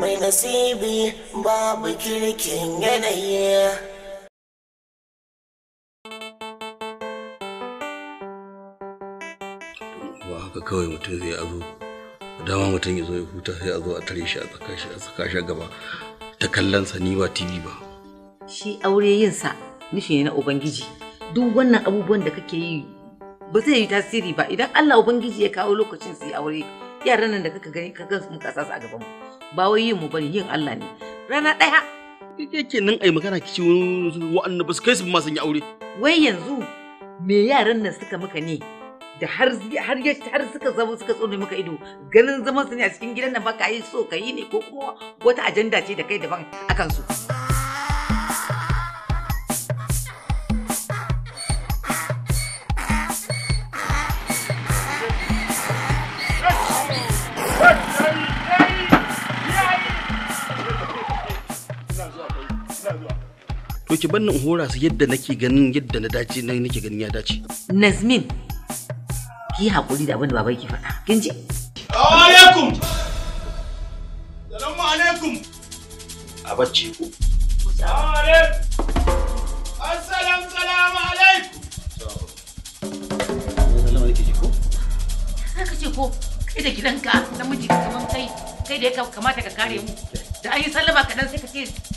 mai nasibi babu kirkin yanayi ba haka kawai mutum zai azo dama mutum ya zo ya huta sai a zo a tare shi a tsaka shi a tsaka gaba ta kallon sa ni ba tv ba shi aure yin sa nishi ne na ubangiji duk wannan abubuwan da kake yi ba zai yi tasiri ba idan Allah ubangiji ya kawo lokacin su yi aure yaran nan da kaka gani ka gansu muka sa su a gaban mu ba wai yin mu bane yin Allah ne rana ɗaya yake nan ai magana kici ci wa'annan ba su kai su ma sun yi aure wai yanzu me yaran nan suka maka ne da har har har suka zama suka tsone maka ido ganin zaman su ne a cikin gidan nan ba ka yi so ka yi ne ko kuma wata ajanda ce da kai daban akan su. ki bannin in hora su yadda nake ganin yadda na dace nan nake ganin ya dace Nazmin ki hakuri da abin da babai ki faɗa kin ji alaikum salamu alaikum a bacci ku Assalamu salamu alaikum Assalamu alaikum ce ko kai da gidanka namiji kaman kai kai da ya kamata ka kare mu da an yi sallama kaɗan sai ka ce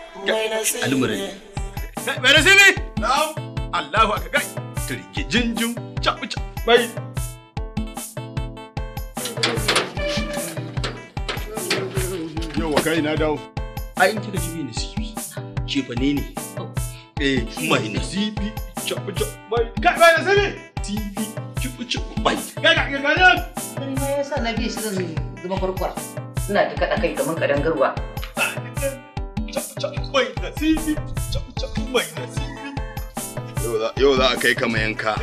almurai mai nasili na'am Allahu akbar turki jinjin chabu chabu bai yau wa kai na dawo a in kika jibi ne sibi ce fa ne ne eh mai nasibi chabu chabu bai kai mai nasili tv chabu chabu bai ga ga ga ne ya sa na bi shi zan zama kwarkwara ina ta kada kai kamar kadangarwa caɓu mai nasiri mai yau za a kai ka mayanka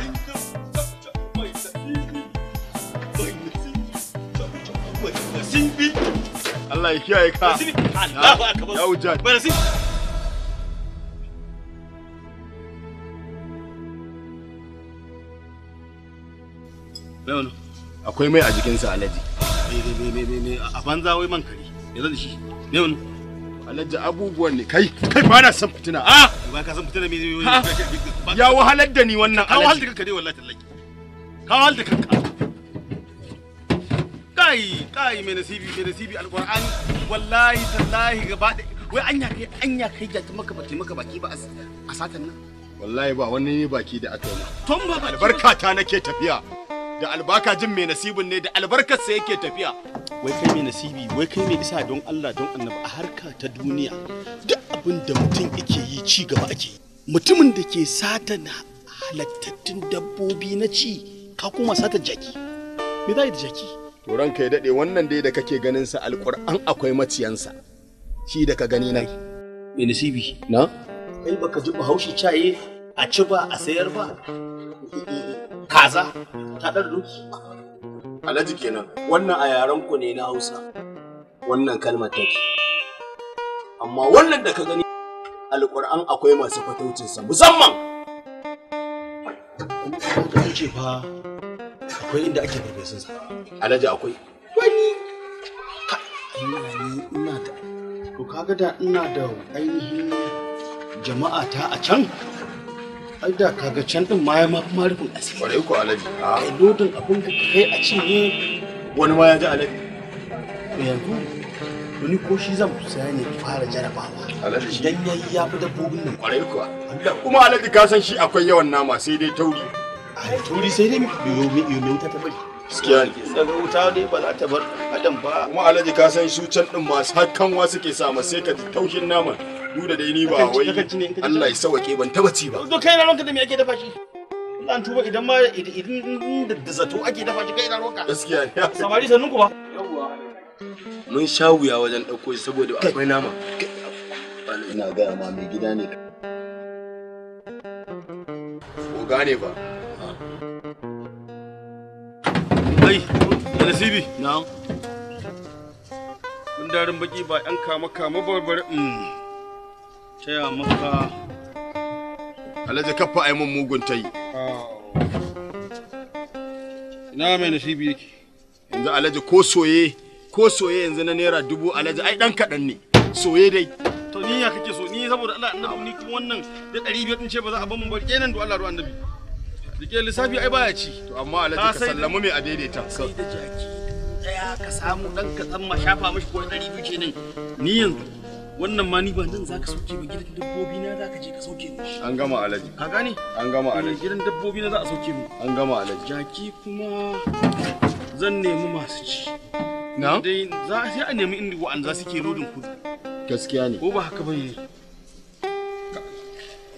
Allah ya kiyaye ka. Ya wuce. Barasi. Akwai mai a jikinsa alaji. Me me ne ne a banza wai man kari. Me zan shi? Me alhaji abubuwan ne kai kai ba na san fitina ah ba ka san fitina me zai ya wahalar da ni wannan ka wahalar da kanka dai wallahi tallaki ka wahalar da kanka kai kai me nasibi me nasibi alquran wallahi tallahi gaba wai anya kai anya kai jata maka baki maka baki ba a satan nan wallahi ba wani baki da aka yi tun ba albarka ta nake tafiya da albaka jin me nasibin ne da albarkar sa yake tafiya wai kai mai nasibi wai kai mai isa don Allah don annabi a harka ta duniya duk abin da mutum yake yi ci gaba ake mutumin da ke sata na halattattun dabbobi na ci ka kuma sata jaki me za da jaki to ranka ya dade wannan dai da kake ganin sa alquran akwai maciyansa shi da ka gani na. me nasibi na kai baka ji bahaushe caye a ci ba a sayar ba kaza ta ɗan doki Alhaji kenan. Wannan a yaren ku ne na Hausa. Wannan kalmar take. Amma wannan da ka gani Alƙur'an akwai masu fataucinsa musamman. An ce fa akwai inda ake farfesun sa. Alhaji akwai. Wani. Ina ina da. To kaga da ina da ainihin jama'a ta a can. ai da kaga can din ma ya ma kuma rufin asiri kwarai ku alabi kai lodin abin ka kai a cinye wani ma ya ji alabi to yanzu ni ko shi zan saya ne fara jarabawa idan ya yi ya fi dabbobin nan kwarai kuwa kuma alabi ka san shi akwai yawan nama sai dai tauri a tauri sai dai yomi wuta ta bari gaskiya ne daga wuta dai ba za ta bar adam ba kuma alaji ka san su can din masu hakkan wa suke sa sai ka ji taushin naman duk da dai ni ba wai Allah ya sauke ban taba ci ba to kai na ranka da me ake dafa shi an tuba idan ma idan da zato ake dafa shi kai na ranka gaskiya ne samari sannun ku ba mun sha wuya wajen ɗauko shi saboda akwai nama ina gaya ma mai gida ne ko gane ba ai nasibi na'am kun darin baki ba yan kama kama barbar mm. taya maka alhaji kafa ai mun mugun yi. ina mai nasibi yake yanzu alhaji ko soye ko soye yanzu na naira dubu alhaji ai dan kaɗan ne soye dai to ni ya kake so ni saboda Allah annabi ni kuma wannan da ɗari biyar din ce ba za a bamu mun ba rike nan do Allah ruwan annabi rike lissafi ai baya ci to amma alhaji ka sallamu mai a daidaita sai da jaki daya ka samu dan ka tsamma shafa mishi ko ɗari biyu kenan ni yanzu wannan ma ni ba zan zaka sauke ba gidan dabbobi na zaka je ka sauke ni an gama alaji ka gane an gama alaji eh, gidan dabbobi na za a sauke mu an gama alaji jaki kuma zan nemi masu ci na dai za sai a nemi inda wa'an za su ke rodin kudu gaskiya ne ko ba haka bane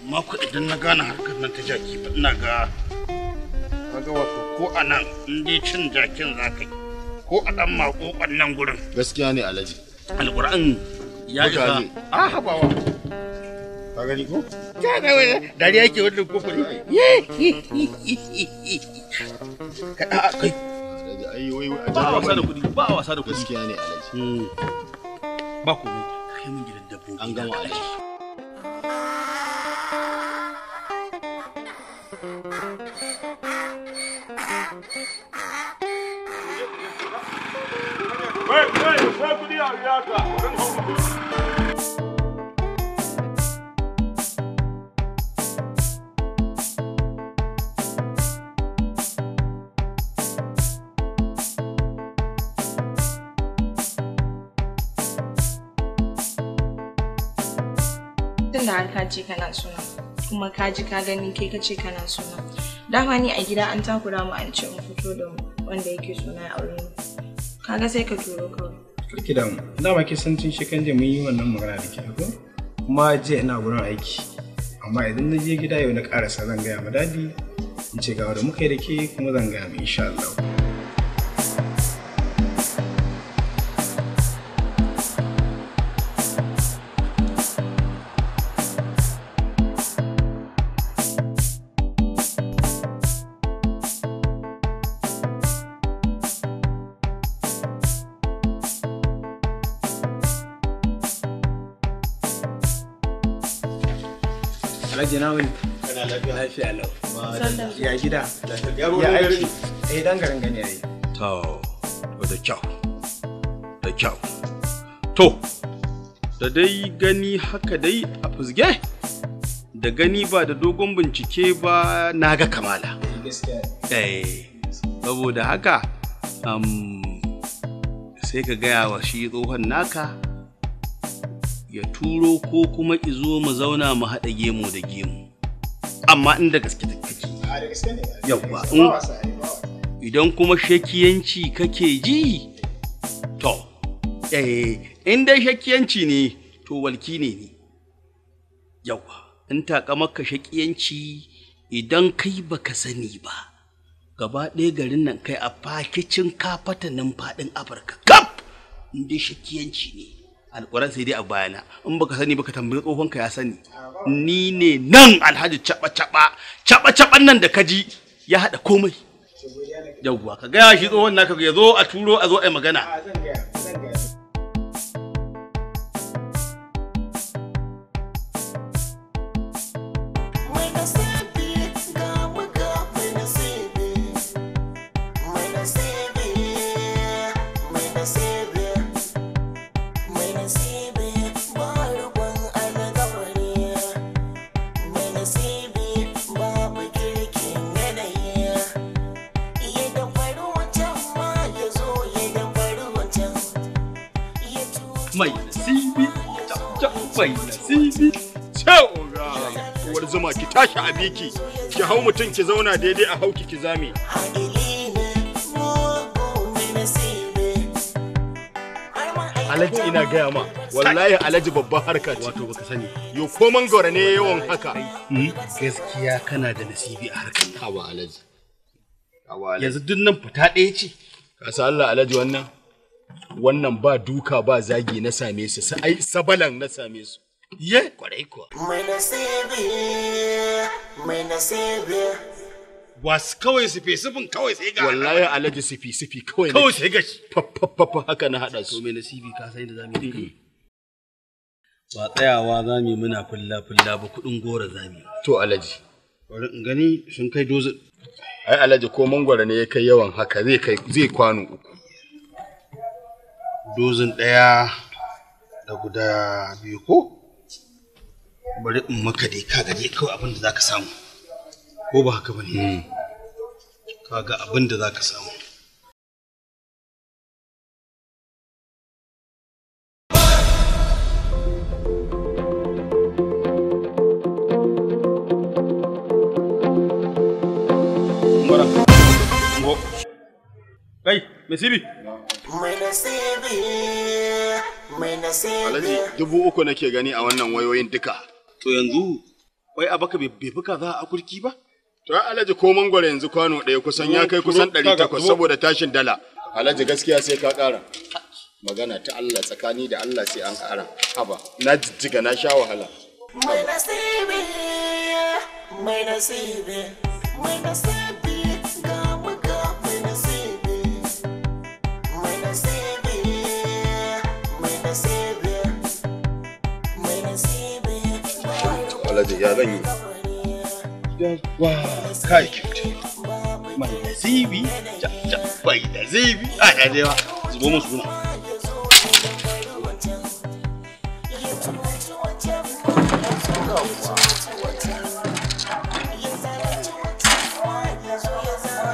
amma ku idan na gane harkar nan ta jaki ba ina ga kaga wato ko a nan in dai cin jakin yi. ko a dan makokan nan gurin gaskiya ne alaji alƙur'an ya isa a ah, habawa ka gani ko ta da wani dariya yake wannan kofari ka da kai ba wasa da kudi ba wasa da kudi gaskiya ne alaji hmm. ba komai kai mun gidan dabbobi an gama alaji Wait! tunda har ka ce kana suna kuma ka ji ka gani ke ka ce kana suna dama ni a gida an takura mu an ce in fito da wanda yake suna a aure mu kaga sai ka turo kawai Kidan, dama ke san tun shekan mun yi wannan magana da ke ko kuma jiya ina gurin aiki amma idan na je gida yau na karasa zan gaya ma dadi in ce ga da muka yi da ke kuma zan gaya mu insha Allah Eh, gani to da dai gani haka dai a fusge da gani ba da dogon bincike ba na ga kamala eh saboda haka sai ka gaya wa shi tsohon naka ya turo ko kuma izo mu zauna mu haɗa gemu da gemu amma inda gaske ta kake idan kuma shakiyanci kake ji to eh in dai shakiyanci ne to walki ne ni yawwa in takamaka shakiyanci idan kai baka sani ba gaba ɗaya garin nan kai a fakicin kafatanin faɗin afirka kaf in dai shakiyanci ne alƙuran sai dai a bayana in baka sani baka tambayi tsohon ka ya sani ni ne nan alhaji caba caba caba caban nan da kaji ya hada komai yauwa ka gaya shi tsohon naka ya zo a turo a zo a magana bibi sai oga uwar zuma ki tashi a biki ki hau mutum ki zauna daidai a hauki ki zame Alhaji ina gaya ma wallahi Alhaji babban harka ce wato baka sani yo ko mangoro ne yawan haka gaskiya kana da nasibi a harkar ka ba Alhaji yanzu duk nan fita ɗaya ce ka sa Allah Alhaji wannan wannan ba duka ba zagi na same su sai sabalan na same su Ye kwarai kuwa. Mai kawai sifi sifin kawai sai ga. Wallahi alaji sifi sifi kawai. Kawai sai ga shi. Fafafafa haka na haɗa su. Mai nasibi ka san da zamu yi. Mm-hmm. Ba tsayawa za mu yi muna fulla fulla ba kuɗin gora za mu yi. To alaji. Bari in gani sun kai dozin. Ai alaji ko mangwara ne ya kai yawan haka zai kai zai kwano uku. Dozin ɗaya da guda biyu ko? bari in maka dai ka gaje kawai abin da za ka samu ko ba haka ba ne hmm. ka ga abin da za ka samu Kai, Nasibi. Mai Nasibi, mai Nasibi. Alhaji, dubu uku nake gani a wannan wayoyin duka. to yanzu wai abaka bai fi kaza a kurki ba to alhaji ko mangwara yanzu kwano ɗaya kusan ya kai kusan ɗari 800 saboda tashin dala alhaji gaskiya sai ka ƙara magana ta Allah tsakani da Allah sai an ƙara haba na jijjiga na sha wahala mai nasibi mai nasibi mai nasibi alhaji ya zan yi yawa kai mai zibi bai da zibi a yaje ba zubo mu suna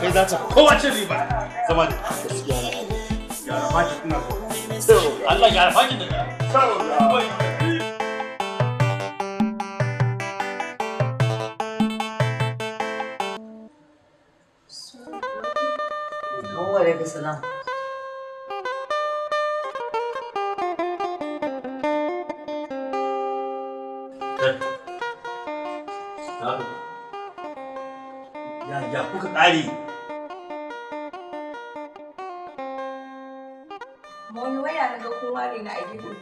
kai za ta kowace riba zama da gaskiya na Allah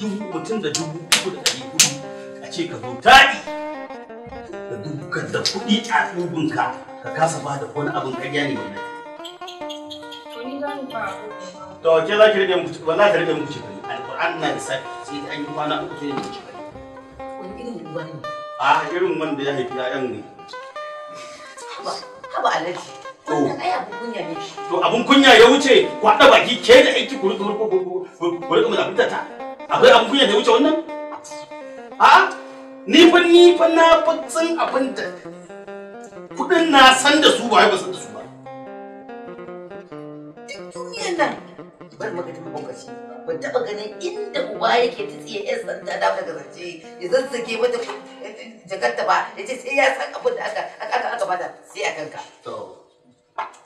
dubu mutum da dubu uku da ɗari hudu a ce ka zo tari da dukkan da kuɗi a ɗubinka ka kasa ba da wani abin ƙarya ne wannan. To ke za ki rage muku ba za ki rage muku cikin alƙur'an na da sai sai an yi kwana uku sai ne muku Wani irin ruwa ne? A irin wanda ya haifi ƴaƴan ne. Haba haba alaji. To abin kunya ya wuce kwaɗa baki ke da aiki ku rika abin da ta. akwai abin kunya da wuce wannan a ni fa ni fa na fa san abin da kudin na san da su ba ba san da su ba duk duniyan nan bari maka ta lokaci ban taba ganin inda uba yake ta tsiye yan sanda da aka zance ya zazzage mata jakarta ba ya ce sai ya san abin da aka aka aka bata sai a kanka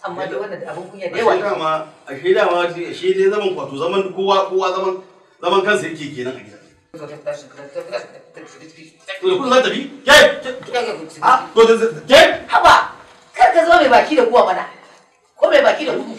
amma da wannan da abin kunya da yawa ashe dama ashe dai zaman kwato zaman kowa kowa zaman zaman kansa yake kenan a gida kun za ta bi ke ah, ke haba kar ka zama mai baki da kuwa mana ko mai baki da kuku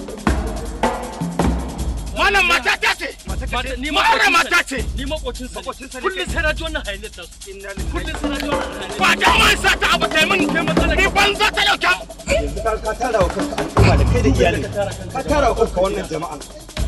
Wannan mata ta ce. Ma'aura mata ce. Ni makocin sa. Kullum sai na ji wannan hayaniyar ta su. Kullum sai na ji wannan ta abu min. Ni banza ta dauka. ka tara wa kanka al'umma da kai da Ka tara wa kanka wannan jama'a.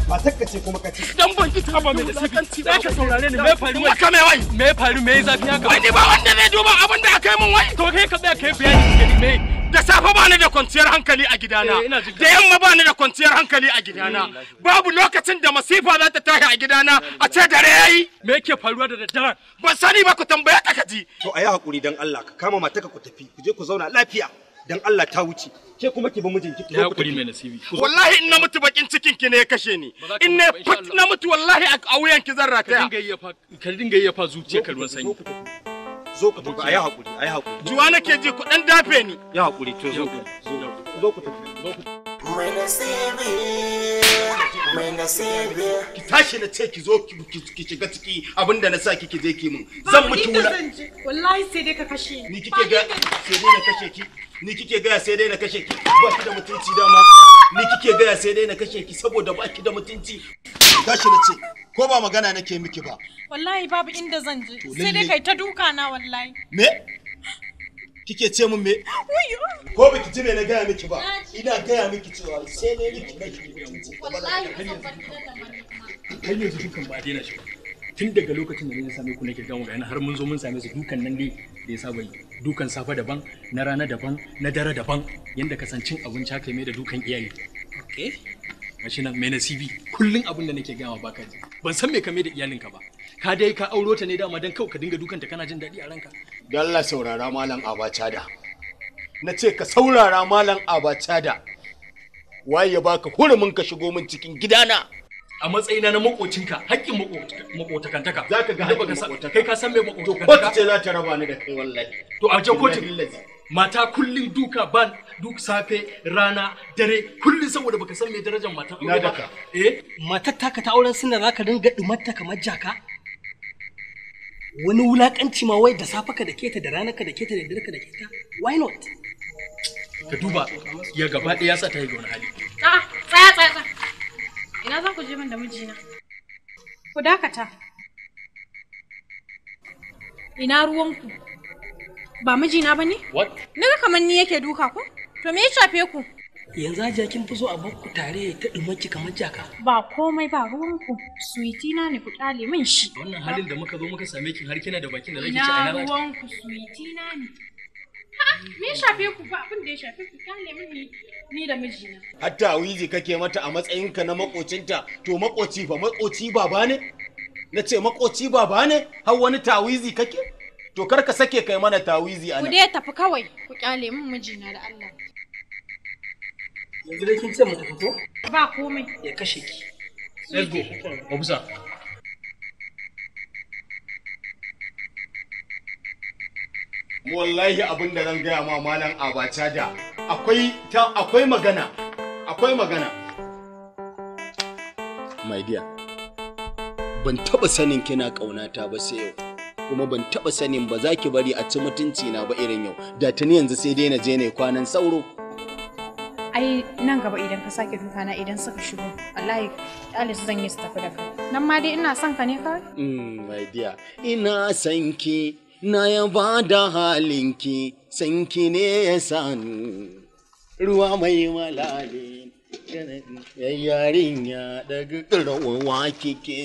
matar ka ce kuma ka ce dan ban kita ba mai da sakanci za ka saurare ni me faru wai ka me wai me faru me zafi haka ba wanda zai duba abin da aka yi min wai to kai ka tsaya kai bayani me da safe ba ni da kwanciyar hankali a gidana eh, da yamma ba ni da kwanciyar hankali a gidana babu lokacin da masifa za ta tashi a gidana a ce dare yayi me yake faruwa da daddare ban sani ba ku tambaya ta kaji to ayi hakuri dan Allah ka kama mataka ku tafi ku je ku zauna lafiya dan Allah ta wuce ke kuma ki ba mijinki ki hakuri mai nasibi wallahi in na mutu bakin cikin ki ne ya kashe ni in ne fat na mutu wallahi a wuyan ki zarra rataya ka dinga fa ka dinga yayyafa zuciyar ruwan sanyi zo ku tafi ayi hakuri ayi hakuri juwa nake ji ku dan dafe ni ya hakuri to zo ku zo ku tafi zo ku mai nasibi ki tashi na ce ki zo ki shiga ciki abinda na sa kike je ki mun zan miki wula wallahi sai dai ka kashe ni kike ga sai dai na kashe ki ni kike ga sai dai na kashe ki ba ki da mutunci dama ni kike ga sai dai na kashe ki saboda ba ki da mutunci tashi na ce ko ba magana nake miki ba wallahi babu inda zan je sai dai kai ta duka na wallahi me kike ce mun me ko biki ji me na gaya miki ba ina gaya miki cewa sai ne miki na ki wallahi ne yanzu dukan ba daina shi tun daga lokacin da na same ku nake gamu yana har mun zo mun same su dukan nan ne da ya saba yi dukan safa daban na rana daban na dare daban yanda kasancin abinci haka mai da dukan iyaye okay gashi nan mai nasibi kullun abin da nake gama baka ji ban san me ka mai da iyalinka ba ka dai ka auro ta ne dama dan kawai ka dinga dukanta kana jin daɗi a ranka dalla saurara malam abacha da na ce ka saurara malam abacha da waye ya baka hurumin ka shigo min cikin gidana a matsayina na makocinka hakkin makotakantaka za ka ga hakkin makotakantaka kai ka san me makotakantaka to kotu ce za ta raba ni da kai wallahi to a jan kotu mata kullum duka ban duk safe rana dare kullum saboda baka san me darajar mata. aure ba eh matar taka ta auren za ka dinga dumarta kamar jaka wani wulakanci ma wai da safa ka da keta da rana ka da keta da dare ka da keta why not ka duba ya gaba ɗaya ya sa ta yi wani hali a tsaya tsaya tsaya ina za ku je min da mijina ku dakata ina ruwanku ba mijina ba ne? What? Naga kamar ni yake duka ku? To me ya shafe ku? yanzu hajiya kin fi so a ku tare ta dumaki kamar jaka ba komai ba ruwanku suwiti na ne ku kyale min shi wannan halin da muka zo muka same ki har kina da bakin da zaki ci a ina ruwanku suwiti na ne me ya shafe ku ba abin da ya shafe ku kyale min ni da mijina hatta wiji kake mata a matsayinka na makocinta to makoci ba makoci baba ne na ce makoci baba ne har wani tawizi kake to kar ka sake kai mana tawizi a nan ku dai tafi kawai ku kyale min mijina da Allah yanzu dai kin ce mu tafi ko ba komai ya kashe ki let's go obusa wallahi abin da zan gaya ma malam abacha da akwai ta akwai magana akwai magana my dear ban taba sanin kina kaunata ba sai yau kuma ban taba sanin ba za ki bari a ci mutunci na ba irin yau da tuni yanzu sai dai na je ne kwanan sauro ai nan gaba idan ka sake duka na idan suka shigo wallahi alis zan yi su tafi da kai nan ma dai ina son ka ne kawai mm my dear ina son ki na yaba da halinki son ki ne ya sanu ruwa mai malali yayarin ya daga rawa kike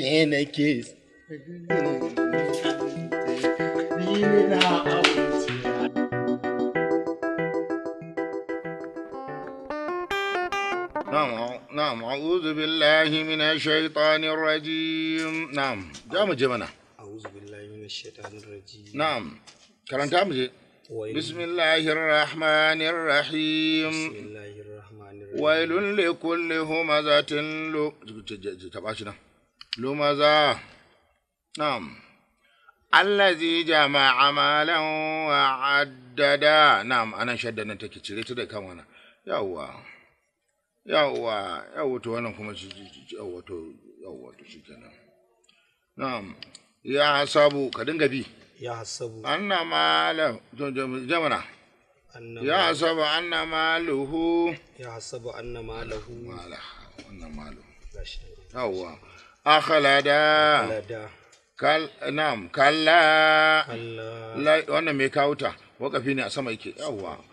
ke na ke ni na abu نعم نعم أعوذ بالله من الشيطان الرجيم نعم جاء مجمنا أعوذ بالله من الشيطان الرجيم نعم كلام تام بسم الله الرحمن الرحيم بسم الله الرحمن الرحيم ويل لكل همزة تباشنا لمزة نعم الذي جمع مالا وعددا نعم أنا شدنا تكتشريت ده كمان يا الله yawwa yawwa to wannan kuma shi yawwa to yawwa to shi shikenan na'am ya hasabu ka dinga bi ya hasabu anna mala jamana ya hasabu anna maluhu ya hasabu anna malahu mala wannan malu yawwa akhlada kal na'am kalla wannan me kawuta wakafi ne a sama yake yawwa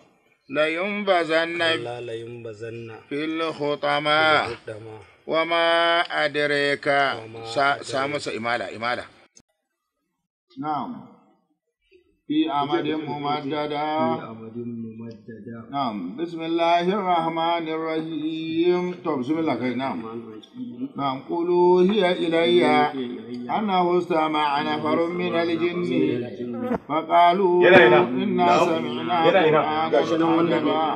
لينبذن لينبذن في الخطماء وما أدريك سامس إمالة إمالة نعم في أمد ممددة في أمد ممددة ممددا نعم بسم الله الرحمن الرحيم طب بسم الله كي نعم نعم قولوا هي إلي أنه استمع نفر من الجن فقالوا إنا سمعنا قرآنا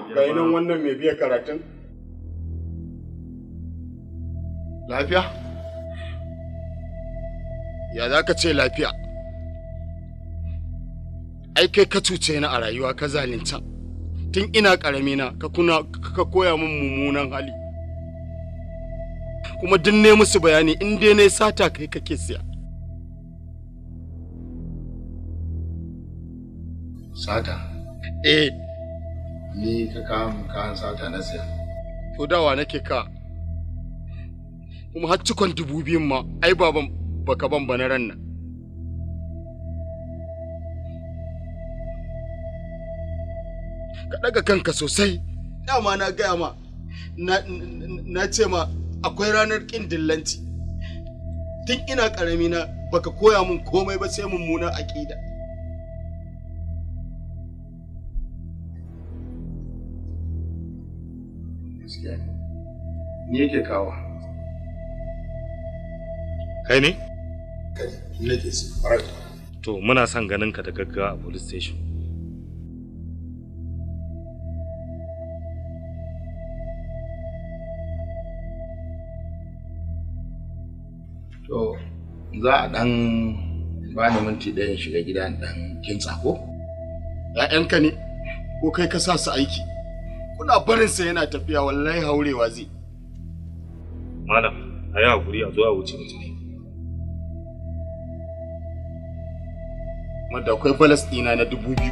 عجبا lafiya ya za ka ce lafiya ai kai ka cuce ni a rayuwa ka zalunta tun ina ƙaramina ka kuna ka koya min mummunan hali kuma duk ne musu bayani in dai ne sata kai kake siya sata eh ni ka kamun ka sata na siya to dawa nake ka kuma har cikon dubu biyun ma ai baban baka ban bana ran nan ka daga kanka sosai dama na gaya ma na ce ma akwai ranar kin dillanci tun ina karami na baka koya mun komai ba sai mummuna aƙida ni yake kawo kai ne? kai ne ke to muna son ganin ka da gaggawa a police station za a ɗan bani minti ɗaya in shiga gidan ɗan kintsa ko? ‘Ya'yanka ne, ko kai ka sa su aiki, kuna barinsa yana tafiya wallahi haurewa zai. Malam, a yi haƙuri a zo a wuce mutum. Madakwai Palace Falasɗina na dubu biyu.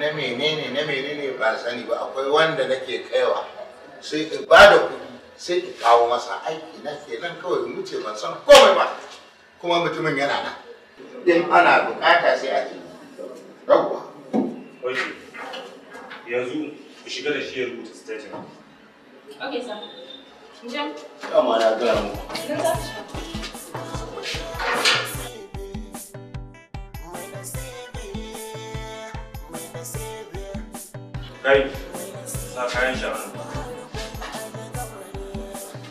na menene na menene ba sani ba akwai wanda nake kaiwa sai in ba da kuɗi sai in kawo masa aiki na ke nan kawai mu ce ban san komai ba kuma mutumin yana nan in ana bukata sai a ce yawwa yanzu ku shiga da shi ya rubuta statement okay sir Jan. Kama na gaya muku. kai sa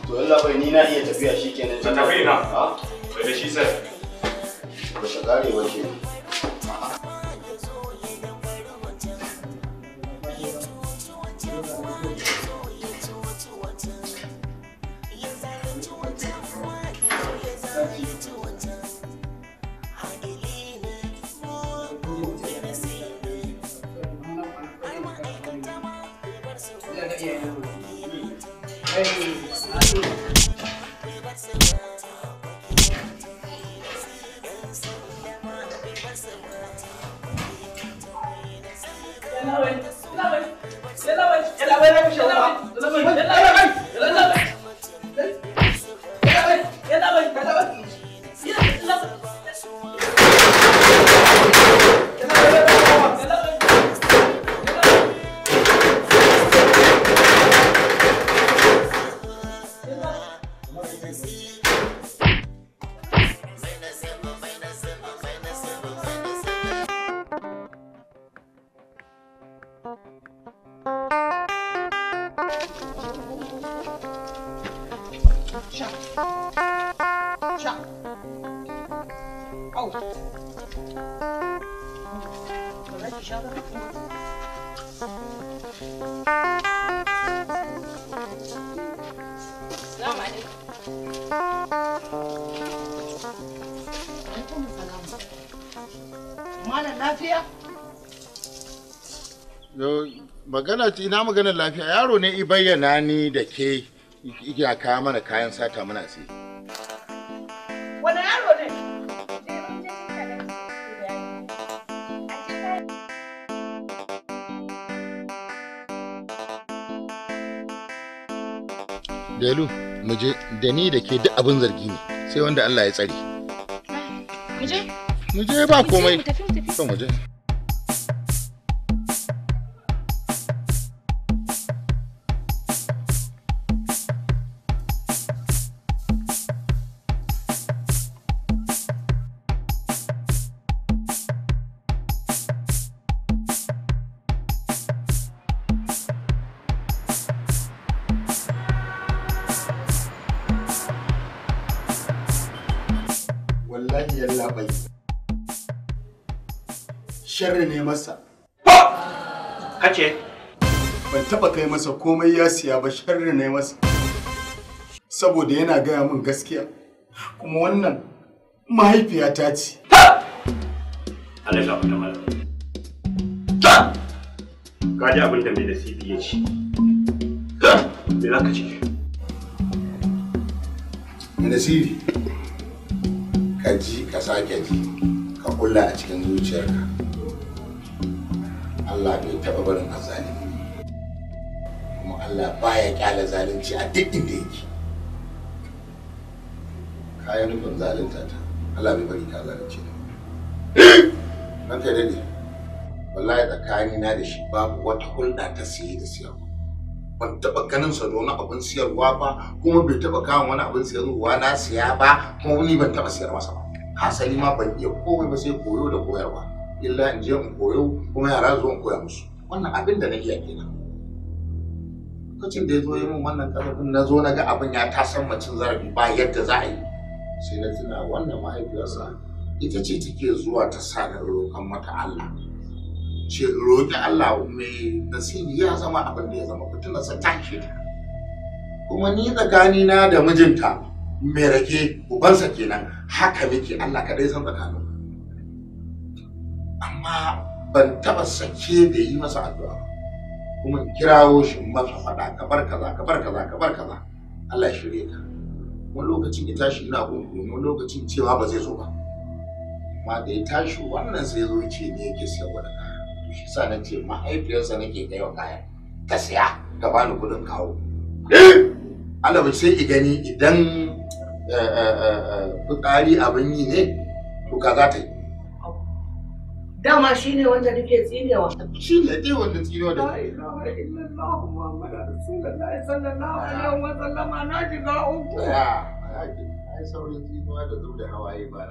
to bai ni na iya tafiya shikenan ka tafi na da shi sai ba ba ke ce ina maganar lafiya yaro ne i bayyana ni da ke ya kawo mana kayan sata muna sai wani yaro ne Delu, da ni da ke duk abin zargi ne sai wanda Allah ya tsare. Mu je? ba komai. Mu tafi mu tafi. masa komai ya siya ba sharri ne masa saboda yana gaya min gaskiya kuma wannan mahaifiyata ce ka ji abin da mai da cp ya ci me za ka ci? mai da cp ka ji ka sake ji ka kulla a cikin zuciyarka Allah bai taɓa barin azali Allah baya kyala zalunci a duk inda yake kayan nufin zalunta ta Allah bai bari ka zalunci ta nan kai dade wallahi tsakani na da shi babu wata hulɗa ta siye da siyarwa ban taɓa ganin sa da wani abin siyarwa ba kuma bai taɓa kawo wani abin siyarwa na siya ba kuma wani ban taɓa siyar masa ba hasali ma ban iya komai ba sai koyo da koyarwa illa in je in koyo kuma yara zo in koya musu wannan abin da na iya kenan lokacin da ya zo ya min wannan karfin na zo na ga abin ya tasan macin zarafi ba yadda za a yi sai na tuna wannan mahaifiyarsa ita ce take zuwa ta sa na roƙon mata Allah ce roƙi Allah mai nasibi ya zama abin da ya zama fitinarsa ta ke ta kuma ni tsakanina da mijinta mai rake ubansa kenan haka muke Allah kadai san tsakanin amma ban taɓa sake da yi masa addu'a ba kuma in kirawo shi in masa faɗa bar kaza bar kaza ka bar kaza Allah ya shirye ka wani lokacin ya tashi ina gungu wani lokacin cewa ba zai zo ba amma da ya tashi wannan sai zo ce ne yake siya wani kaya to shi sa na ce mahaifiyarsa nake kai wa kaya ta siya ka bani kuɗin kawo eh! Allah bai sai i gani idan eh, eh, fitsari abin yi ne to ka za ta yi dama shi ne wanda nake tsinewa shi ne dai wanda tsinewa da la ilaha illallah muhammad rasulullahi sallallahu alaihi wa sallama na shiga uku ai saurin tsinewa da zuwa hawaye ba